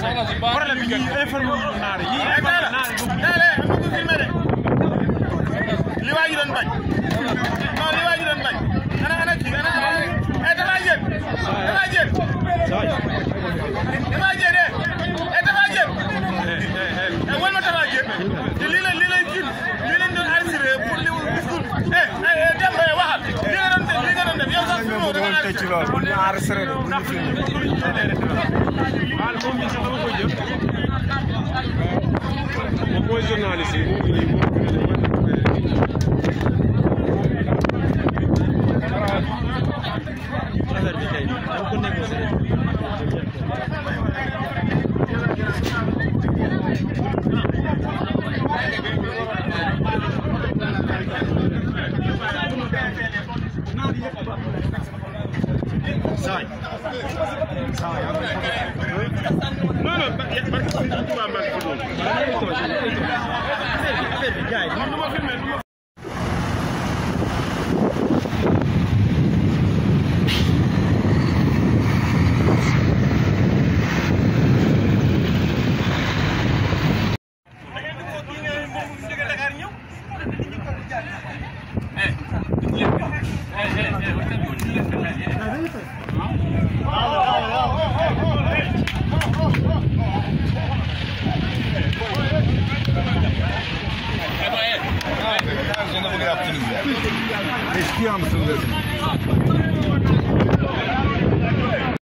problème bi informé naar yi li waa ji doon bañ non li waa ji doon bañ ana ana kii ana ana dafa jël dafa jël dafa jël eh dafa jël eh wal ma dafa jël te lii la lii lay kii lii lañ doon assuré pour li gisul eh eh dem ba waxal li nga doon def li nga doon def yow sax suñu da nga naan journaliste yi mu ngi nii moom ñu ne man affaire bi kay dama ko négocier Sai. Sai. Hey, hey, hey, what's up, dude? Ebae. Ebae. Sonunda bugün yaptınız ya. Eski yansınız.